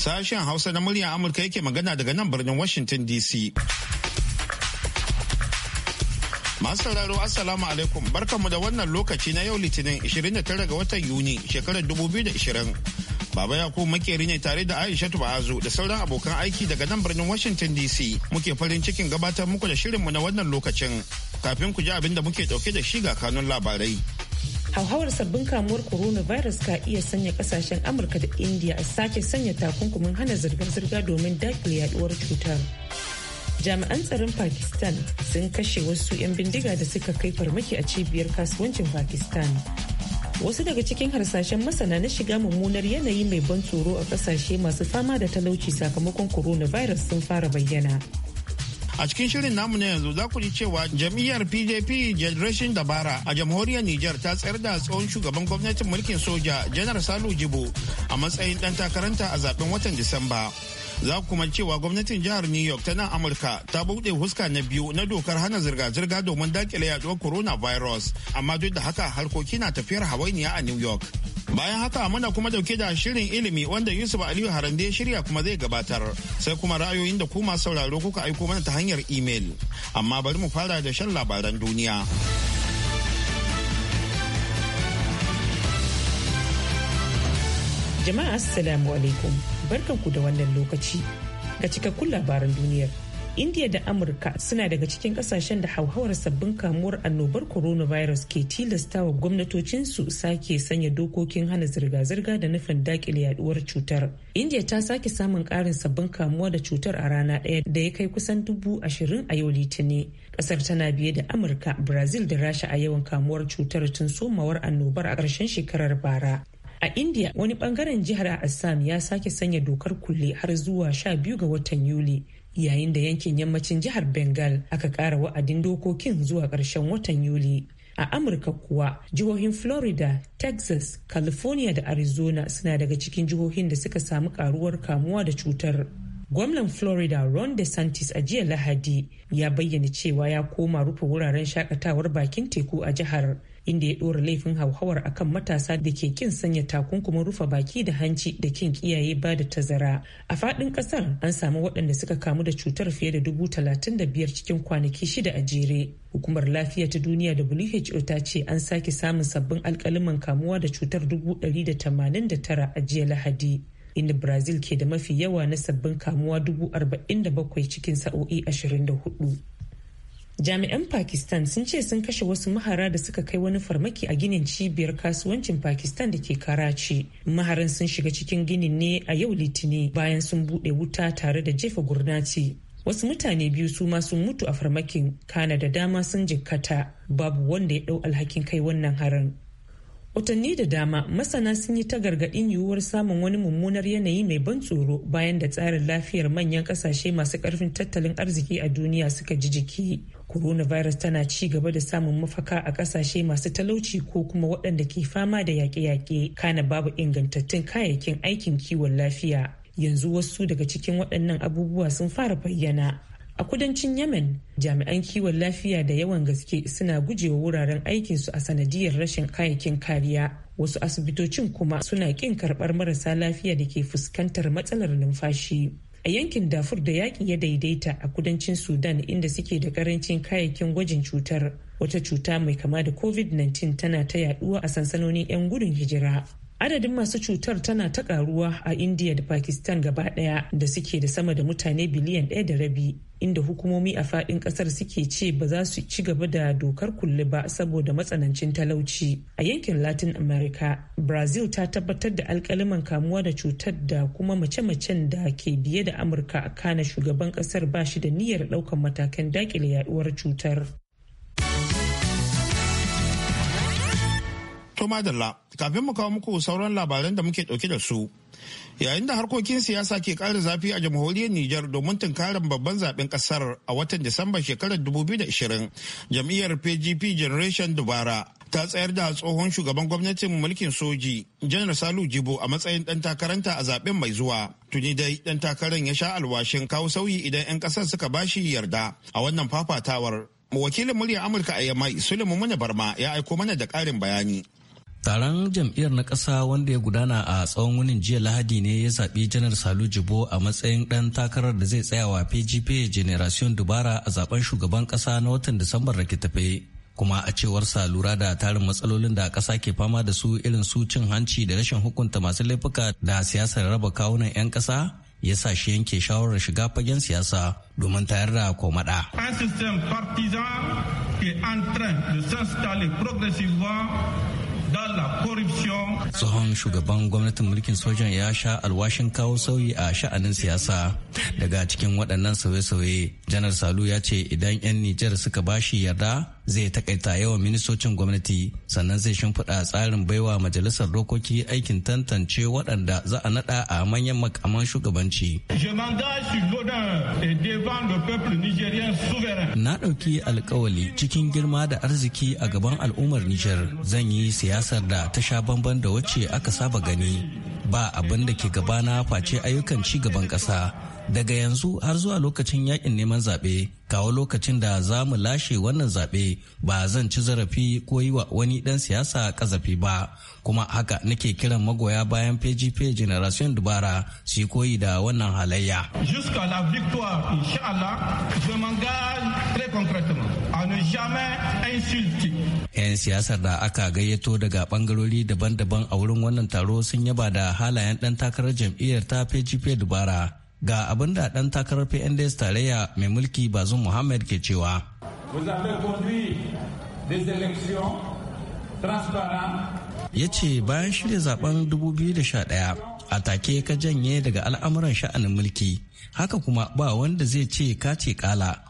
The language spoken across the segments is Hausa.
Sashen Hausa na muryar Amurka yake magana daga nan birnin Washington DC. Masu sauraro Assalamu alaikum barkanmu da wannan lokaci na yau Litinin 29 ga watan Yuni shekarar 2020. Baba Yakubu makeri ne tare da Aisha Ba'azu da sauran abokan aiki daga nan birnin Washington DC muke farin cikin gabatar muku da shirinmu na wannan lokacin kafin ku ji abin da muke dauke da shi ga kanun labarai. hauhawar sabbin kamuwar coronavirus ka iya sanya kasashen amurka da india a sake sanya takunkumin hana zirga-zirga domin dakile yaduwar cutar jami'an tsaron pakistan sun kashe wasu 'yan bindiga da suka kai farmaki a cibiyar kasuwancin pakistan wasu daga cikin harsashen masana na shiga mummunar yanayi mai ban tsoro a kasashe masu fama da talauci sakamakon coronavirus sun fara bayyana A cikin shirin namu na yanzu za ku ji cewa jam'iyyar pdp Generation Dabara a jamhuriyar Niger ta tsayar da tsohon shugaban gwamnatin mulkin soja Janar Salu Jibo a matsayin ɗan takaranta a zaben watan Disamba. Za kuma cewa gwamnatin jihar New York ta nan Amurka ta buɗe huska na biyu na dokar hana zirga-zirga domin dakile yaduwar coronavirus amma duk da haka harkoki na tafiyar hawainiya a New York. Bayan haka muna kuma dauke da shirin ilimi wanda Yusuf Aliyu Harande ya shirya kuma zai gabatar. Sai kuma ra'ayoyin da kuma sauraro kuka aiko mana ta hanyar imel. Amma bari mu fara da shan labaran duniya. Jama'a Assalamu alaikum. Barkanku da wannan lokaci. Ga cikakkun labaran duniyar. Indiya da amurka suna daga cikin kasashen da hauhawar sabbin kamuwar annobar coronavirus ke tilasta wa gwamnatocinsu sake sanya dokokin hana zirga-zirga da nufin dakile yaduwar cutar india ta sake samun karin sabbin kamuwa da cutar a rana ɗaya da ya kai kusan dubu ashirin a yau litini kasar tana biye da amurka brazil da rasha a yawan kamuwar cutar tun somawar annobar a ƙarshen shekarar bara a india wani bangaren jihar assam ya sake sanya dokar kulle har zuwa 12 ga watan yuli yayin da yankin yammacin jihar bengal aka kara wa'adin dokokin zuwa ƙarshen watan yuli a amurka kuwa jihohin florida texas california da arizona suna daga cikin jihohin da suka samu karuwar kamuwa da cutar gwamnan florida ron desantis a jiya lahadi ya bayyana cewa ya koma rufe wuraren shakatawar bakin teku a jihar inda ya dora laifin hauhawar akan matasa da ke kin sanya takunkumin rufe baki da hanci da kin kiyaye ba da tazara a faɗin ƙasar an samu waɗanda suka kamu da cutar fiye da dubu talatin da biyar cikin kwanaki shida a jere hukumar lafiya ta duniya who ta ce an sake samun sabbin alkaliman kamuwa da cutar dubu ɗari da tamanin da tara a jiya lahadi inda brazil ke da mafi yawa na sabbin kamuwa dubu arba'in da bakwai cikin sa'o'i ashirin da hudu jami'an pakistan sun ce sun kashe wasu mahara da suka kai wani farmaki a ginin cibiyar kasuwancin pakistan da ke karachi maharan sun shiga cikin ginin ne a yau litini bayan sun bude wuta tare da jefa gurnati wasu mutane biyu su ma sun mutu a farmakin kana da dama sun jikkata babu wanda ya dau alhakin kai wannan harin watanni da dama masana sun yi ta gargaɗin yiwuwar samun wani mummunar yanayi mai ban tsoro bayan da tsarin lafiyar manyan ƙasashe masu ƙarfin tattalin arziki a duniya suka ji jiki coronavirus tana ci gaba da samun mafaka a ƙasashe masu talauci ko kuma waɗanda ke fama da yaƙe-yaƙe kana babu ingantattun kayayyakin aikin kiwon lafiya yanzu wasu daga cikin waɗannan abubuwa sun fara bayyana a kudancin yemen jami'an kiwon lafiya da yawan gaske suna gujewa wuraren aikinsu a sanadiyar rashin kayayyakin kariya wasu asibitocin kuma suna kin karbar marasa lafiya da ke fuskantar matsalar numfashi a yankin dafur da yaƙi ya daidaita a kudancin sudan inda suke da karancin kayayyakin gwajin cutar wata cuta mai kama da covid-19 tana ta yaduwa a sansanonin 'yan gudun hijira adadin masu cutar tana ta karuwa a india da pakistan gaba daya da suke da sama da mutane biliyan ɗaya da rabi inda hukumomi a fadin kasar suke ce ba za su ci gaba da dokar kulle ba saboda matsanancin talauci a yankin latin america brazil ta tabbatar da alkaliman kamuwa da cutar da kuma mace-macen da ke biye da amurka a kana shugaban kasar ba shi da niyyar daukan matakan dakile yaduwar cutar To madalla, kafin mu kawo muku sauran labaran da muke dauke da su. Yayin da harkokin siyasa ke ƙara zafi a jamhuriyar Nijar domin tunkarar babban zaben kasar a watan Disamba shekarar 2020, jam'iyyar PGP Generation Dubara ta tsayar da tsohon shugaban gwamnatin mulkin soji, Janar Salu Jibo a matsayin dan takaranta a zaben mai zuwa. Tuni dai dan takarar ya sha alwashin kawo sauyi idan 'yan kasar suka bashi yarda a wannan fafatawar. Wakilin murya Amurka a Yamai, Suleiman Muna Barma ya aiko mana da ƙarin bayani. Taron jam'iyyar na ƙasa wanda ya gudana a tsawon wunin jiya Lahadi ne ya zaɓi Janar Salu Jibo a matsayin ɗan takarar da zai tsayawa PGP Generation Dubara a zaben shugaban ƙasa na watan Disambar da ke tafe. Kuma a cewar sa lura da tarin matsalolin da ƙasa ke fama da su irin su cin hanci da rashin hukunta masu laifuka da siyasar raba kawunan 'yan ƙasa ya sa shi yanke shawarar shiga fagen siyasa domin tayar da komada. Un système partisan qui est en train de s'installer progressivement Tsohon shugaban gwamnatin mulkin sojan ya sha alwashin kawo sauyi a sha'anin siyasa. Daga cikin waɗannan sauye-sauye, Janar Salu ya ce idan 'yan Nijar suka bashi yarda zai takaita yawan ministocin gwamnati sannan zai shimfiɗa tsarin baiwa majalisar dokoki aikin tantance waɗanda za a naɗa a manyan makaman shugabanci. Na ɗauki alkawali cikin girma da arziki a gaban al'ummar Nijar zan yi siyasar da ta sha bamban da wacce aka saba gani ba abin da ke gabana face ayyukan ci gaban ƙasa. daga yanzu har zuwa lokacin yakin neman zaɓe kawo lokacin da za mu lashe wannan zaɓe ba zan ci zarafi ko yi wa wani ɗan siyasa kazafi ba kuma haka nake kiran magoya bayan pgp generation dubara su koyi da wannan halayya 'yan siyasar da aka gayyato daga bangarori daban-daban a wurin wannan taro sun yaba da halayen ɗan takarar jam'iyyar ta pgp dubara ga abin da ɗan takarar PNDS tarayya mai mulki Bazum Muhammad ke cewa. Ya ce bayan shirya zaben 2011 a take ka janye daga al'amuran sha'anin mulki, haka kuma ba wanda zai ce ka ce kala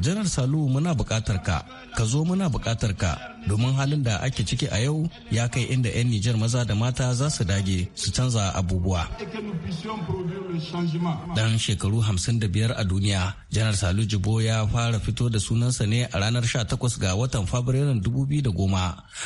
janar salu muna buƙatar ka ka zo muna buƙatar ka domin halin da ake ciki a yau ya kai inda 'yan nijar maza da mata za su dage su canza abubuwa dan shekaru 55 a duniya janar salu jibo ya fara fito da sunansa ne a ranar 18 ga watan fabrairun 2010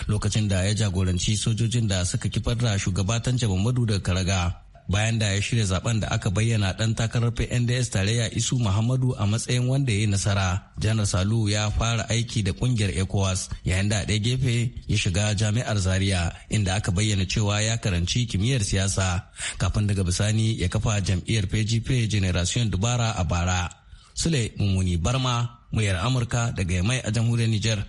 lokacin da ya jagoranci sojojin da suka kifar da shugabatan jamamadu da karaga bayan da ya shirya zaben da aka bayyana dan takarar PNDS tarayya Isu Muhammadu a matsayin wanda ya yi nasara. Janar Salu ya fara aiki da kungiyar ECOWAS yayin da ɗaya gefe ya shiga jami'ar Zaria inda aka bayyana cewa ya karanci kimiyyar siyasa kafin daga bisani ya kafa jam'iyyar PGP Generation Dubara a bara. Sule Mummuni Barma, muryar Amurka daga Yamai a jamhuriyar Nijar.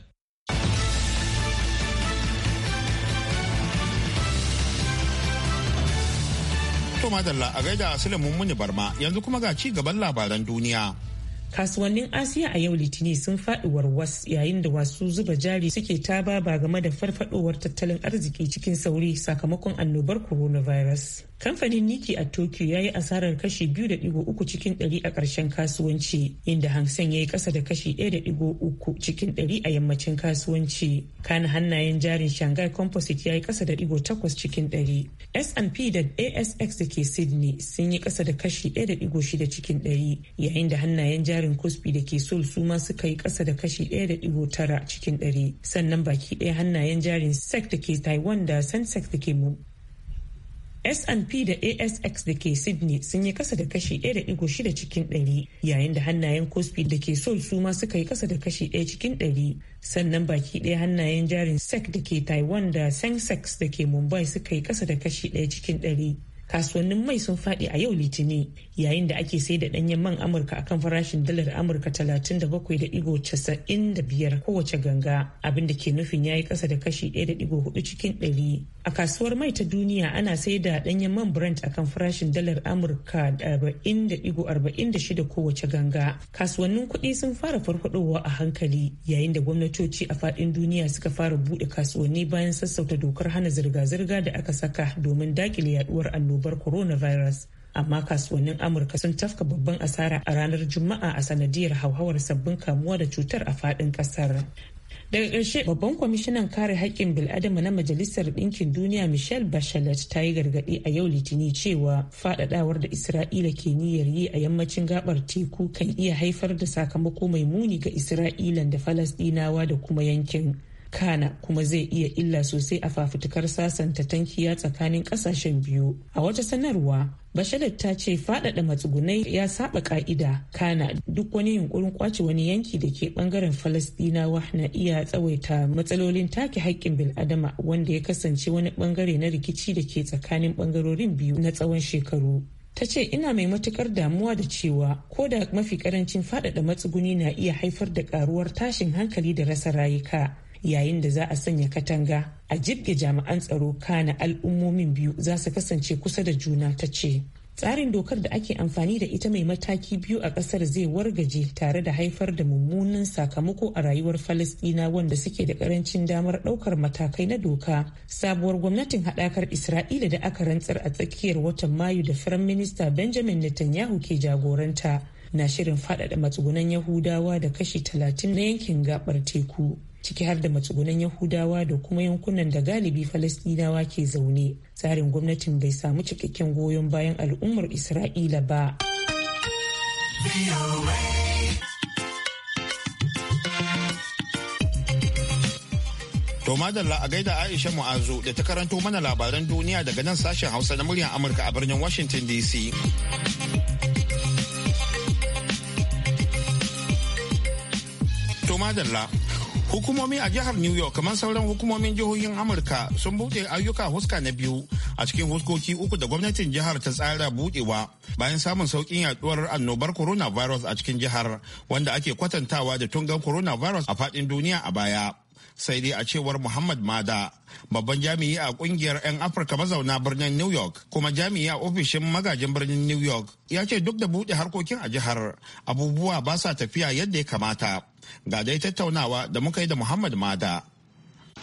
da madalla a gaida Sulaimun Mummuni Barma yanzu kuma ga ci gaban labaran duniya. kasuwannin asiya a yau litinin sun faɗi warwas yayin da wasu zuba jari suke ta ba game da farfadowar tattalin arziki cikin sauri sakamakon annobar coronavirus kamfanin niki a tokyo ya yi asarar kashi 2.3 cikin 100 a ƙarshen kasuwanci inda hansen ya yi ƙasa da kashi 1.3 cikin 100 a yammacin kasuwanci kana hannayen jarin shanghai composite ya yi ƙasa da 8 cikin 100 S&P da asx da ke sydney sun yi ƙasa da kashi 1.6 cikin 100 yayin da hannayen jarin yarin kusbi da ke sol su ma suka yi kasa da kashi 1.9 cikin 100 sannan baki daya hannayen jarin sec da ke taiwan da sensex da ke mun S&P da ASX da ke Sydney sun yi kasa da kashi 1.6 cikin 100 yayin da hannayen Cosby da ke Seoul su ma suka yi kasa da kashi 1 cikin 100 sannan baki ɗaya hannayen jarin SEC da ke Taiwan da Sensex da ke Mumbai suka yi kasa da kashi 1 cikin 100. kasuwannin mai sun faɗi a yau litini yayin da ake sai da ɗanyen man amurka akan farashin dalar amurka 37.95 kowace ganga abin da ke nufin ya yi ƙasa da kashi 1.4 cikin ɗari a kasuwar mai ta duniya ana sai da danyen man brent akan farashin dalar amurka 40.46 kowace ganga kasuwannin kuɗi sun fara farfadowa a hankali yayin da gwamnatoci a faɗin duniya suka fara buɗe kasuwanni bayan sassauta dokar hana zirga-zirga da aka saka domin dakile yaduwar annobar coronavirus amma kasuwannin amurka sun tafka babban asara a ranar juma'a a sanadiyar hauhawar sabbin kamuwa da cutar a fadin ƙasar. daga ƙarshe babban kwamishinan kare haƙƙin bil'adama na majalisar ɗinkin duniya michelle bachelet ta yi gargaɗi a yau litini cewa faɗaɗawar da isra'ila ke niyyar yi a yammacin gabar teku kan iya haifar da sakamako mai muni ga isra'ilan da falasɗinawa da kuma yankin kana kuma zai iya illa sosai a fafutukar sasanta tankiya tsakanin kasashen biyu a wata sanarwa bashalar ta ce faɗaɗa matsugunai ya saba ka'ida kana duk wani yunkurin kwace wani yanki da ke bangaren falastinawa na iya tsawaita matsalolin take haƙƙin bil'adama wanda ya kasance wani bangare na rikici da ke tsakanin bangarorin biyu na tsawon shekaru ta ce ina mai matukar damuwa da cewa ko da mafi karancin faɗaɗa matsuguni na iya haifar da karuwar tashin hankali da rasa rayuka yayin da za a sanya katanga a jibge jami'an tsaro kana al'ummomin biyu za su kasance kusa da juna ta ce tsarin dokar da ake amfani da ita mai mataki biyu a kasar zai wargaje tare da haifar da mummunan sakamako a rayuwar falasdina wanda suke da karancin damar daukar matakai na doka sabuwar gwamnatin hadakar isra'ila da aka rantsar a tsakiyar watan mayu da firan minista benjamin netanyahu ke jagoranta na shirin fadada matsugunan yahudawa da kashi talatin na yankin gabar teku ciki har da matsugunan yahudawa da kuma yankunan da galibi falasdinawa ke zaune tsarin gwamnatin bai samu cikakken goyon bayan al'ummar isra'ila ba To madalla a gaida Aisha Mu'azu da ta karanto mana labaran duniya daga nan sashen Hausa na muryar Amurka a birnin Washington DC. To madalla hukumomi a jihar new york kamar sauran hukumomin jihohin amurka sun buɗe ayyuka huska na biyu a cikin huskoki uku da gwamnatin jihar ta tsara buɗewa bayan samun sauƙin yaduwar annobar coronavirus a cikin jihar wanda ake kwatantawa da tungan coronavirus a faɗin duniya a baya sai dai a cewar muhammad mada babban jami'i a kungiyar 'yan afirka mazauna birnin new york kuma jami'i a ofishin magajin birnin new york ya ce duk da buɗe harkokin a jihar abubuwa ba sa tafiya yadda ya kamata ga dai tattaunawa da muka yi da muhammad mada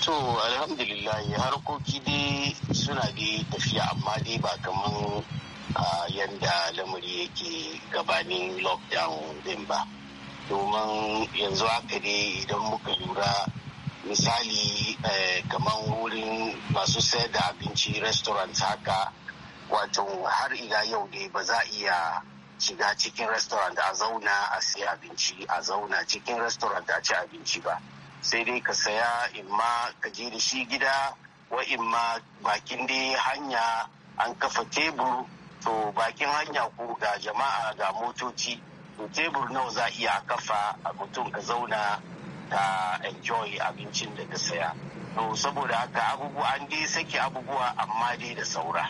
To alhamdulillah harkoki dai suna dai tafiya amma dai ba kaman yadda lamari yake gabanin lockdown din ba. Domin yanzu haka dai idan muka lura misali eh, kamar wurin masu sayar da abinci restaurant haka wato har ila yau ne ba za a iya shiga cikin restaurant a zauna a sai abinci a zauna cikin restaurant a ci abinci ba sai dai ka saya imma ka je da shi gida wa imma bakin dai hanya an kafa tebur to bakin hanya ko ga jama'a ga motoci to tebur nawa za iya kafa a mutum ka zauna ta enjoy abincin da ta saya to saboda haka abubuwa an dai sake abubuwa amma dai da saura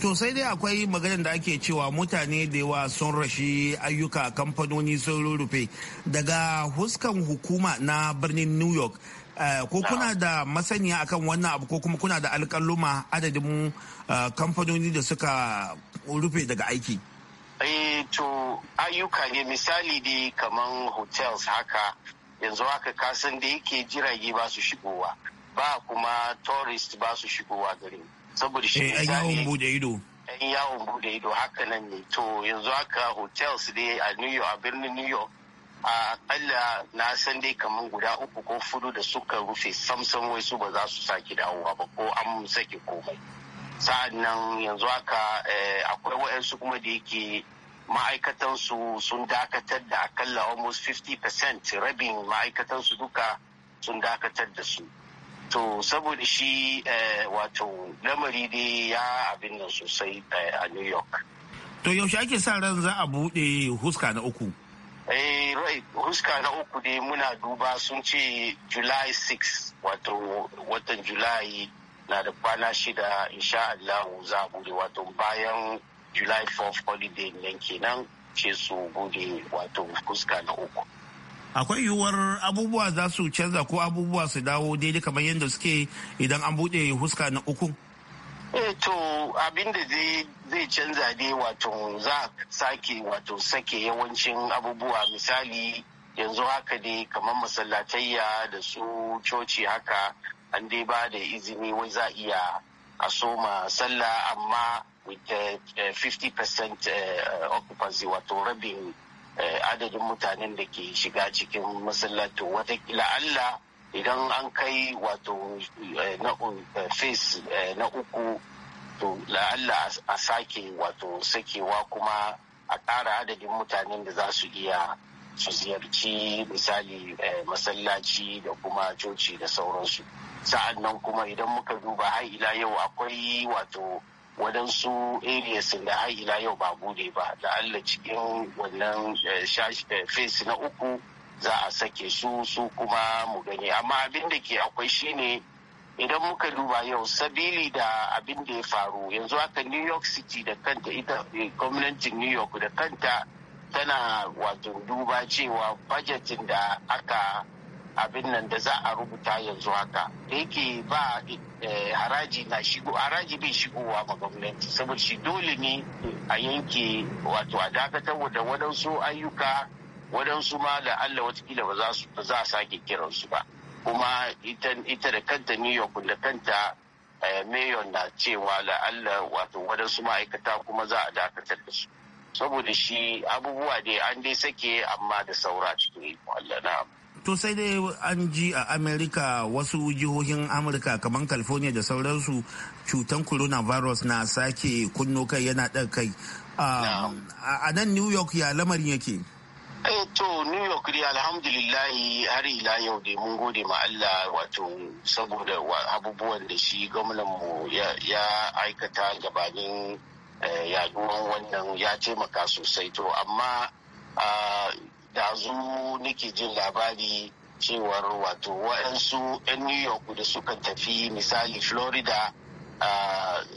to sai dai akwai maganar da ake cewa mutane da yawa sun rashi ayyuka kamfanoni sun rurrufe daga huskan hukuma na birnin new york eh, ko kuna da masaniya akan wannan abu ko kuma kuna da alkaluma adadin eh, kamfanoni da suka rufe daga aiki? Eh to ayyuka ne misali dai kaman hotels haka yanzu haka kasan da yake jirage ba su shigowa ba kuma tourist ba su shigowa garin saboda shi eh, an yawon bude ido ɗan yawon bude ido haka nan ne to yanzu haka hotels dai a new york a birnin new york a kalla na san dai kamar guda uku ko fudu da suka rufe samsam wai su ba za su sake dawowa ba ko an sake komai sa'an nan yanzu haka eh, akwai wayansu kuma da yake ma'aikatansu sun dakatar da akalla almost 50% rabin ma'aikatansu duka sun dakatar da su to saboda shi eh, wato lamari dai ya abin nan sosai eh, a new york to yaushe ake sa ran za a buɗe huska na uku eh huska na uku dai muna duba sun ce july 6 wato watan july na da kwana shida insha Allah za a buɗe wato bayan july 4 holiday nan kenan ce su bude wato fuska na uku akwai yiwuwar abubuwa za su canza ko abubuwa su dawo daidai kamar yadda suke idan an bude fuska na uku eh to abin da zai canza dai wato za sake wato sake yawancin abubuwa misali yanzu haka dai kamar masallatayya da su coci haka an dai ba da izini wai za iya a soma sallah amma with 50% uh, uh, uh, occupancy wato rabin adadin mutanen da ke shiga cikin masallatu watakila Allah idan an kai wato na na uku to la'alla a sake wato sakewa kuma a ƙara adadin mutanen da za su iya su ziyarci misali masallaci da kuma coci da sauransu sa'an nan kuma idan muka duba har ila yau akwai wato waɗansu areas da har ila yau ba bude ba da Allah cikin wannan eh, eh, face na uku za a sake su su kuma mu gani amma abin da ke akwai shine idan muka duba yau sabili da abin da ya faru yanzu haka new york city da kanta ita eh, gwamnatin new york da kanta tana wato duba cewa bajetin da aka abin nan da za a rubuta yanzu haka da yake ba eh, haraji na shigo haraji bai shigowa ma gwamnati saboda shi dole ne a yanke wato a dakatar da waɗansu ayyuka waɗansu ma da Allah watakila ba za a sake kiransu ba kuma ita da kanta New York da kanta eh, mayon na cewa da Allah wato waɗansu ma'aikata kuma za a dakatar da su saboda shi abubuwa ne, an dai sake amma da saura cikin Allah na To sai dai an ji a Amerika wasu jihohin Amurka kamar California da sauransu cutan coronavirus na sake kunno kai yana ɗan kai. Um, a nan New York ya lamarin yake. Eh to New York dai alhamdulillahi har ila yau dai mun gode ma Allah wato saboda abubuwan da shi gwamnanmu ya aikata gabanin eh, yaduwan wannan ya taimaka sosai to amma ah, dazu nake jin labari cewar wato waɗansu 'yan new york da suka tafi misali florida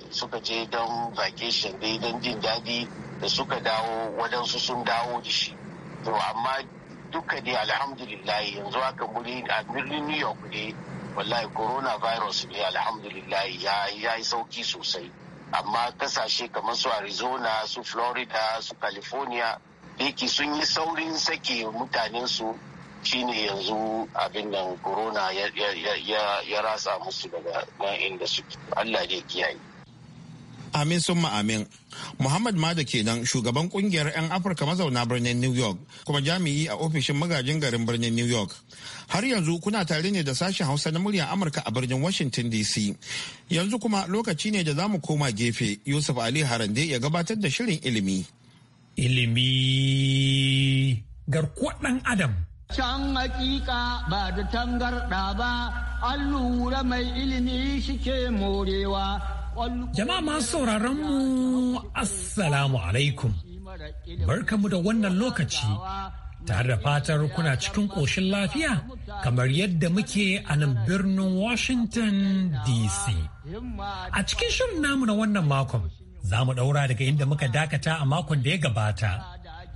suka je don vacation dai don jin daɗi da suka dawo waɗansu sun dawo da shi to amma duka dai alhamdulillah yanzu aka muri a birnin new york ne wallahi coronavirus ne alhamdulillah ya yi sauki sosai amma kasashe kamar su arizona su florida su california da sun yi saurin sake mutanen su shine yanzu abin nan corona ya rasa musu daga nan inda suke Allah ne kiyaye Amin sun amin. Muhammad Mada kenan shugaban kungiyar 'yan Afirka mazauna birnin New York kuma jami'i a ofishin magajin garin birnin New York. Har yanzu kuna tare ne da sashen Hausa na muryar Amurka a birnin Washington DC. Yanzu kuma lokaci ne da za mu koma gefe Yusuf Ali Harande ya gabatar da shirin ilimi. ilimi garkuwa ɗan adam. Can hakika ba da tangarɗa ba, an lura mai ilimi shike morewa. Jama'a masu sauraron Assalamu alaikum. Barkamu da wannan lokaci, tare da fatar kuna cikin ƙoshin lafiya kamar yadda muke a nan birnin Washington DC. A cikin shirin namu na wannan makon. za mu ɗaura daga inda muka dakata a makon da ya gabata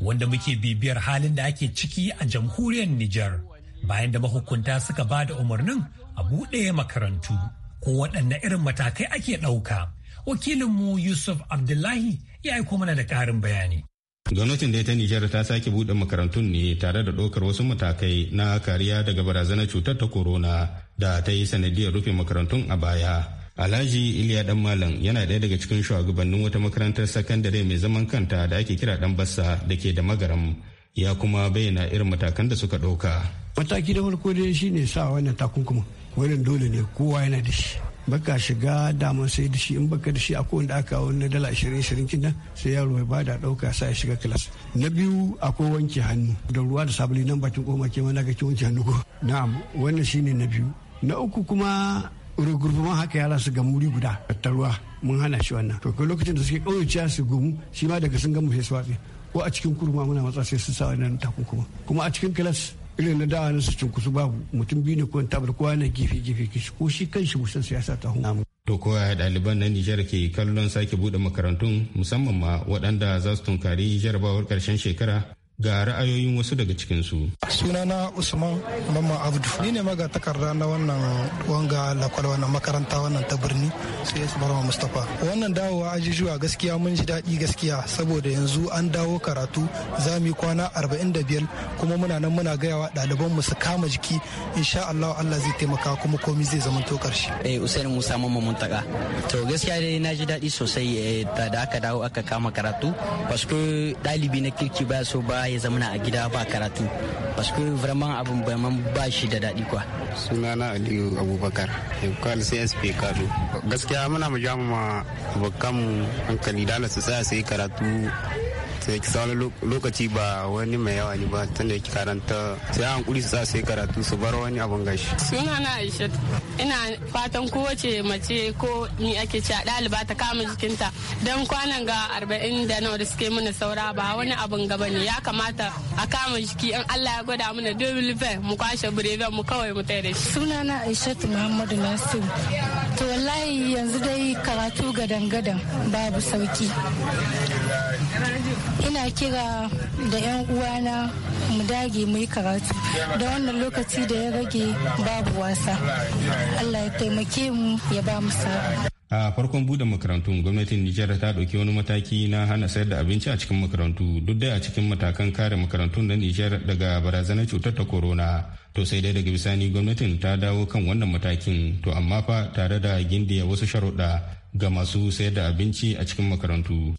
wanda muke bibiyar halin da ake ciki a jamhuriyar Nijar bayan da mahukunta suka ba da umarnin a buɗe makarantu ko waɗanne irin matakai ake ɗauka. Wakilinmu Yusuf Abdullahi ya aiko mana da ƙarin bayani. gwamnatin da ta nijar ta sake buɗe makarantun ne tare da ɗaukar wasu matakai na kariya daga barazanar cutar ta corona da ta yi sanadiyar rufe makarantun a baya Alhaji Iliya Dan Malam yana daya daga cikin shugabannin wata makarantar sakandare mai zaman kanta da ake kira Dan Bassa da ke da magaram ya kuma bayyana irin matakan da suka ɗauka. Mataki da farko dai shine sa wannan takunkuma wannan dole ne kowa yana da shi. Baka shiga damar sai da shi in baka da shi a akwai da aka wani dala ashirin ashirin kina sai yaro ya bada ɗauka sa ya shiga kilas. Na biyu akwai wanke hannu da ruwa da sabuli nan bakin koma ke mana ga ki wanke hannu ko. Na'am wannan shine na biyu. Na uku kuma rugurguman haka yara su gamu wuri guda tattaruwa mun hana shi wannan to kai lokacin da suke ƙauraciya su gumu shi ma daga sun gamu sai su watsi ko a cikin kurma muna matsa sai su sa wannan takunkuma kuma a cikin kilas irin na dawa na su cunkusu babu mutum biyu ne ko tabar kowa na gefe gefe kishi ko shi kanshi musan siyasa ta hun to ya ɗaliban na Nijar ke kallon sake buɗe makarantun musamman ma waɗanda za su tunkari jarabawar ƙarshen shekara ga ra'ayoyin wasu daga cikinsu. sunana usman mamman abdu ni ne maga takarda na wannan wanga lakwal wannan makaranta wannan ta birni sai su barma mustapha wannan dawowa ajijuwa gaskiya mun ji daɗi gaskiya saboda yanzu an dawo karatu za kwana arba'in da biyar kuma muna nan muna gayawa ɗaliban mu su kama jiki insha allah allah zai taimaka kuma komi zai zama to karshe eh usain musa mamman muntaka to gaskiya dai na ji daɗi sosai eh, da aka dawo aka kama karatu paske ɗalibi na kirki ba so ba yara ya zamana a gida ba karatu paske vraiment abin baman ba shi da daɗi kwa sunana aliyu abubakar yankal csp kado gaskiya muna mu jamu ma abokan hankali dala su tsaya sai karatu sai ki lokaci ba wani mai yawa ne ba tun da karanta sai an kuri su sa sai karatu su bar wani abun gashi suna na aisha ina fatan kowace mace ko ni ake ci a ɗaliba ta kama jikinta don kwanan ga arba'in da nawa da suke mana saura ba wani abun gaba ne ya kamata a kama jiki in allah ya gwada mana dubu mu kwashe bireben mu kawai mu tai da shi suna na aisha muhammadu nasiru to wallahi yanzu dai karatu gadan-gadan babu sauki ina kira da 'yan uwana mu dage mu yi karatu da wannan lokaci da ya rage babu wasa allah ya taimake mu ya ba mu sa'a a farkon bude makarantun gwamnatin nijar ta dauki wani mataki na hana sayar da abinci a cikin makarantu duk da a cikin matakan kare makarantu na nijar daga barazanar cutar ta corona to sai dai daga bisani gwamnatin ta dawo kan wannan matakin to amma fa tare da gindiya wasu sharuɗa ga masu sayar da abinci a cikin makarantu.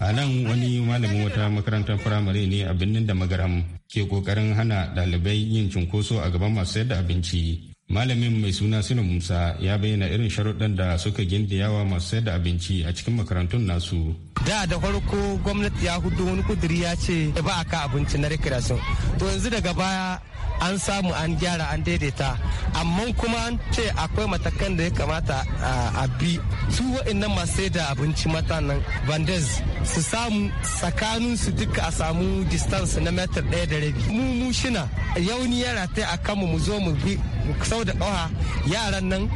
A nan wani malamin wata makarantar firamare ne a birnin da magaram ke kokarin hana ɗalibai yin cunkoso a gaban masu sayar da abinci. Malamin mai suna Sinu Musa ya bayyana irin sharuɗan da suka gindiyawa masu sayar da abinci a cikin makarantun nasu. Da da farko gwamnati ya hudu wani kuduri ya ce ba a ka abinci na recreation. To yanzu daga baya an samu an gyara an daidaita amma kuma an ce akwai matakan da ya kamata a bi su wa'annan masu da abinci matanan nan bandez su samu tsakanin su duka a samu distance na metar ɗaya da rabi mu mu shina yauni yara ta a kanmu mu zo mu bi sau da ƙawa yaran nan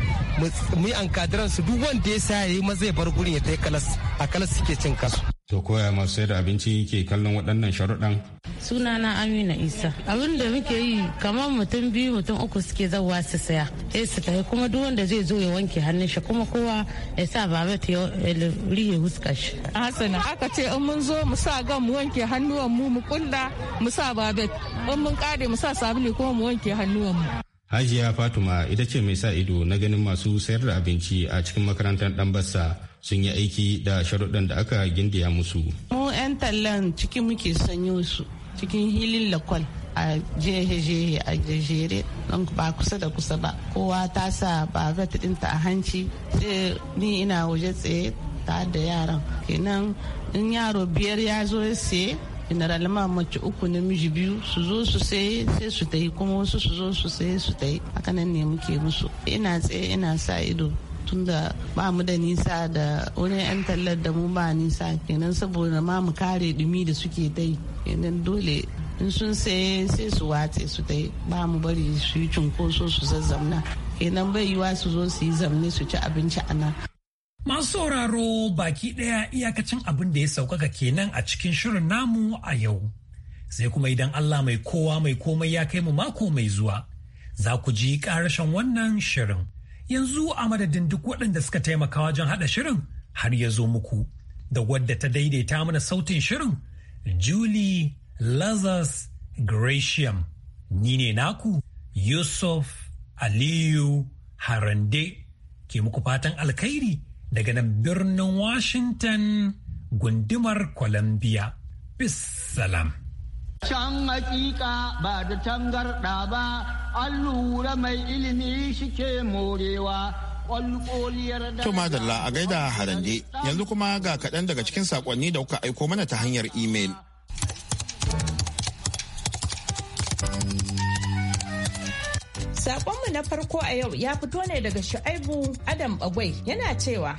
mu yi an su duk wanda ya sa ya yi maza ya bar gurin ya ta yi kalas a kalas suke cin kasu To koya masu sayar da abinci ke kallon waɗannan sharuɗan? Sunana Amina Isa. Abin da muke yi kamar mutum biyu mutum uku suke zauwa su saya. Sai su tafi kuma duk wanda zai zo ya wanke hannun shi kuma kowa ya sa baba ta rihe huskar shi. Hasana aka ce in mun zo mu sa gan mu wanke hannuwan mu mu kulla mu sa babet. In mun kare mu sa sabulu kuma mu wanke hannuwan mu. Hajiya Fatuma ita ce mai sa ido na ganin masu sayar da abinci a cikin makarantar Ɗanbassa sun yi aiki da sharuɗan da aka gindaya musu. Mu 'yan tallan cikin muke sanyo su cikin hilin lakwal a jehe-jehe a jejere don ba kusa da kusa ba. Kowa ta sa ba ɗinta a hanci sai ni ina waje tsaye ta da yaran. Kenan in yaro biyar ya zo ya siye general ma mace uku miji biyu su zo su sai sai su yi kuma wasu su zo su sai su ta haka nan ne muke musu ina tsaye ina sa ido tunda ba mu da nisa da wani 'yan tallar da mu ba nisa kenan saboda ma mu kare dumi da suke dai kenan dole in sun saye sai su watse su dai ba mu bari su yi cunkoso su zazzamna kenan bai yiwa su zo su yi zamne su ci abinci a nan Masu sauraro baki ɗaya iyakacin abin da ya saukaka kenan a cikin shirin namu a yau. Sai kuma idan Allah mai kowa mai komai ya kai mu mako mai zuwa, za ku ji ƙarashen wannan shirin. yanzu a madadin duk waɗanda suka taimaka wajen haɗa shirin har ya zo muku da wadda ta daidaita mana sautin shirin Julie Lazarus Gratiam ni ne naku Yusuf Aliyu Harande ke muku fatan alkhairi daga nan birnin Washington gundumar Columbia. Bis Can hakika ba da tangarɗa ba, an lura mai ilimi shike morewa. To madalla a gaida harande yanzu kuma ga kaɗan daga cikin saƙonni da kuka aiko mana ta hanyar imel. Saƙonmu na farko a yau ya fito ne daga Shu'aibu Adam Bagwai yana cewa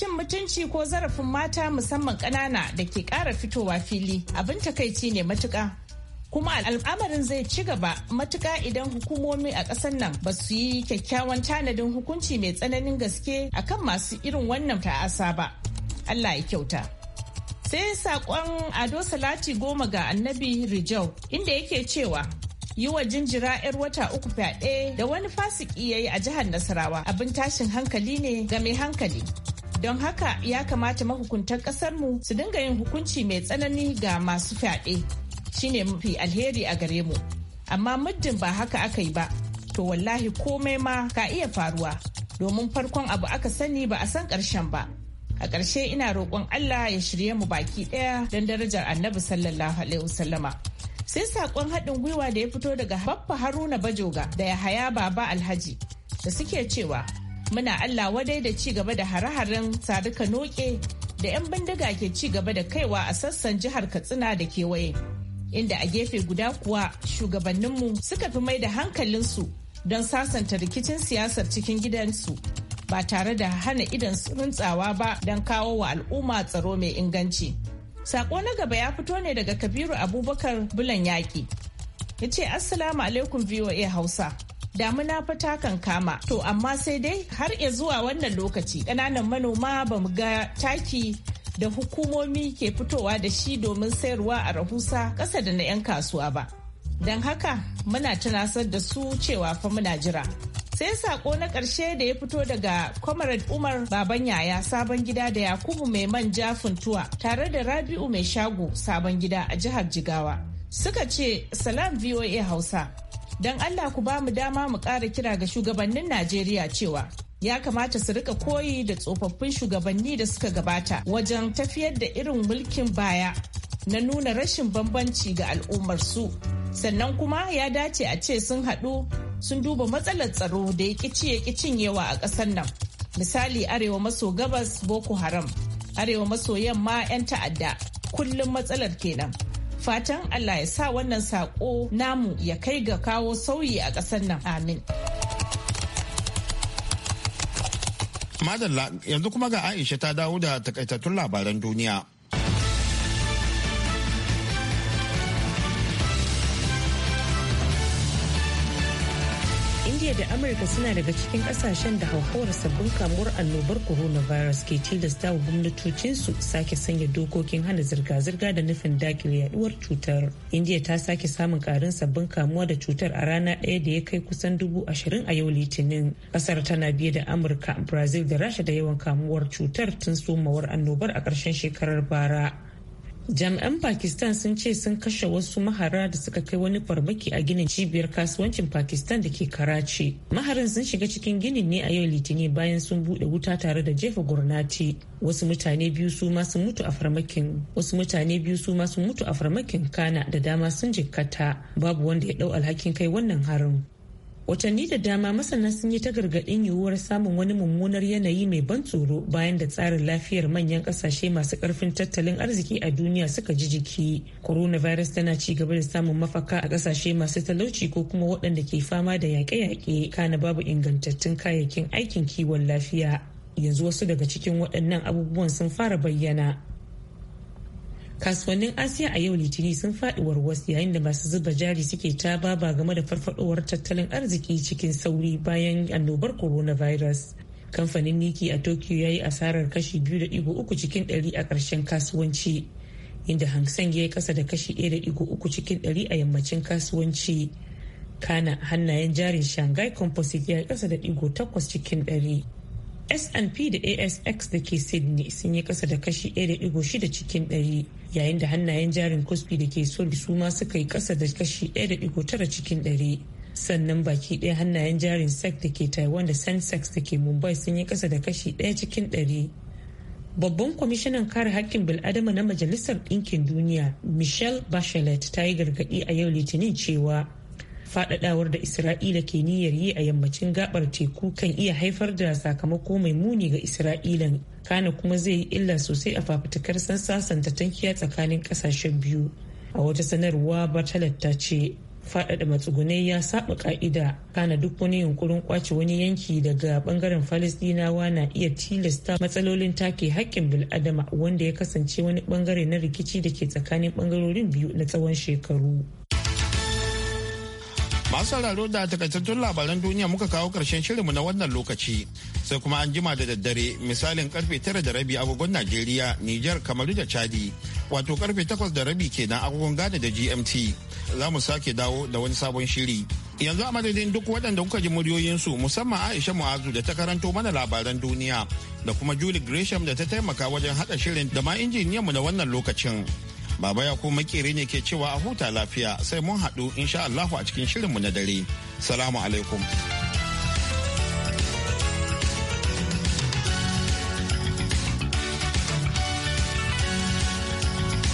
cin mutunci ko zarafin mata musamman ƙanana da ke ƙara fitowa fili abin takaici ne matuƙa kuma al'amarin zai ci gaba matuƙa idan hukumomi a ƙasar nan ba su yi kyakkyawan tanadin hukunci mai tsananin gaske akan masu irin wannan ta'asa ba allah ya kyauta sai saƙon ado salati goma ga annabi rijau inda yake cewa yi wa jinjira 'yar wata uku fyaɗe da wani fasiki ya yi a jihar Nasarawa abin tashin hankali ne ga mai hankali. Don haka ya kamata mahukuntan ƙasarmu su dinga yin hukunci mai tsanani ga masu fyaɗe. Shine mafi alheri a gare mu. Amma muddin ba haka aka yi ba, to wallahi komai ma ka iya faruwa. Domin farkon abu aka sani ba a san ƙarshen ba. a ƙarshe ina roƙon Allah ya shirye mu baki ɗaya don darajar annabi sallallahu alaihi wasallama sai saƙon haɗin gwiwa da ya fito daga babba haruna bajoga da Yahaya baba alhaji da suke cewa muna Allah wadai da ci gaba da hare-haren ka noke da 'yan bindiga ke ci gaba da kaiwa a sassan jihar Katsina da kewaye. Inda a gefe guda kuwa shugabanninmu suka fi mai da hankalinsu don sasanta rikicin siyasar cikin gidansu ba tare da hana idan runtsawa ba don kawo wa al'umma tsaro mai inganci. Sako na gaba ya fito ne daga Kabiru Abubakar Bulan Yaƙi. Ya ce Assalamu alaikum VOA Hausa. damuna fa ta kan kama to amma sai dai har ya zuwa wannan lokaci kananan manoma ba mu ga taki da hukumomi ke fitowa da shi domin sayarwa a rahusa ƙasa da na 'yan kasuwa ba don haka muna tunasar da su cewa fa muna jira sai sako na ƙarshe da ya fito daga comrade umar baban yaya sabon gida da yakubu mai manja funtuwa tare da rabi'u mai shago sabon gida a jihar jigawa suka ce salam voa hausa Don Allah ku ba mu dama mu ƙara kira ga shugabannin Najeriya cewa ya kamata su rika koyi da tsofaffin shugabanni da suka gabata wajen tafiyar da irin mulkin baya na nuna rashin bambanci ga al'ummarsu. Sannan kuma ya dace a ce sun haɗu sun duba matsalar tsaro da ya ƙici ya cinyewa a ƙasar nan. Misali Arewa maso gabas Boko Haram, Arewa maso yamma 'yan ta'adda, kullum matsalar kenan. Fatan Allah ya sa wannan saƙo namu ya kai ga kawo sauyi a ƙasar nan. Amin. Madalla yanzu kuma ga Aisha ta dawo da takaitattun labaran duniya. amurka suna daga cikin kasashen da hauhawar sabbin kamuwar annobar coronavirus ke tilasta wa gwamnatocinsu sake sanya dokokin hana zirga-zirga da nufin dakile yaduwar cutar india ta sake samun karin sabbin kamuwa da cutar a rana ɗaya da ya kai kusan dubu ashirin a yau litinin kasar tana biye da amurka brazil da rasha da yawan kamuwar cutar tun somawar annobar a ƙarshen shekarar bara jami'an pakistan sun ce sun kashe wasu mahara da suka kai wani farmaki a ginin cibiyar kasuwancin pakistan da ke karachi maharin sun shiga cikin ginin ne a yau litinin bayan sun bude wuta tare da jefa gurnati wasu mutane biyu su ma sun mutu a farmakin wasu mutane biyu su ma mutu a farmakin kana da dama sun jikkata babu wanda ya dau alhakin kai wannan harin watanni da dama masana sun yi ta gargaɗin yiwuwar samun wani mummunar yanayi mai ban tsoro bayan da tsarin lafiyar manyan ƙasashe masu ƙarfin tattalin arziki a duniya suka ji jiki coronavirus tana ci gaba da samun mafaka a ƙasashe masu talauci ko kuma waɗanda ke fama da yaƙe-yaƙe kana babu ingantattun kayayyakin aikin kiwon lafiya yanzu wasu daga cikin waɗannan abubuwan sun fara bayyana kasuwannin asiya a yau Litini sun faɗi warwas yayin da masu zuba jari suke ta baba game da farfadowar tattalin arziki cikin sauri bayan annobar coronavirus kamfanin niki a tokyo ya yi asarar kashi 2.3 cikin 100 a ƙarshen kasuwanci inda hang seng ya yi kasa da kashi 1.3 cikin 100 a yammacin kasuwanci kana hannayen jarin shanghai composite ya yi kasa da 8 cikin ɗari. snp da ASX da ke Sydney sun yi kasa da kashi 1.6 cikin 100 yayin da hannayen jarin Cosby da ke Seoul su ma suka yi kasa da kashi 1.9 cikin 100. sannan baki ɗaya hannayen jarin sec da ke taiwan da sensex da ke mumbai sun yi kasa da kashi ɗaya cikin ɗari babban kwamishinan kare hakkin bil'adama na majalisar ɗinkin duniya michelle bachelet ta yi gargaɗi a yau litinin cewa faɗaɗawar da isra'ila ke niyyar yi a yammacin gabar teku kan iya haifar da sakamako mai muni ga isra'ila kana kuma zai yi illa sosai a fafutukar sasanta tankiya tsakanin ƙasashen biyu a wata sanarwa batalat ta ce faɗaɗa matsugunai ya saba ka'ida kana duk wani yunkurin kwace wani yanki daga bangaren falistinawa na iya tilasta matsalolin take haƙƙin bil'adama wanda ya kasance wani bangare na rikici da ke tsakanin bangarorin biyu na tsawon shekaru Masu sauraro da takaitattun labaran duniya muka kawo karshen shirinmu na wannan lokaci sai kuma an jima da daddare misalin karfe tara da rabi agogon Najeriya, Nijar, Kamaru da Chadi wato karfe takwas da rabi kenan agogon Ghana da GMT za mu sake dawo da wani sabon shiri. Yanzu a madadin duk waɗanda kuka ji muryoyinsu musamman Aisha Mu'azu da ta karanto mana labaran duniya da kuma Julie Gresham da ta taimaka wajen haɗa shirin da ma injiniyanmu na wannan lokacin. Baba ya kuma makere ne ke cewa a huta lafiya sai mun haɗu insha Allahu a cikin shirinmu na dare. Salamu alaikum.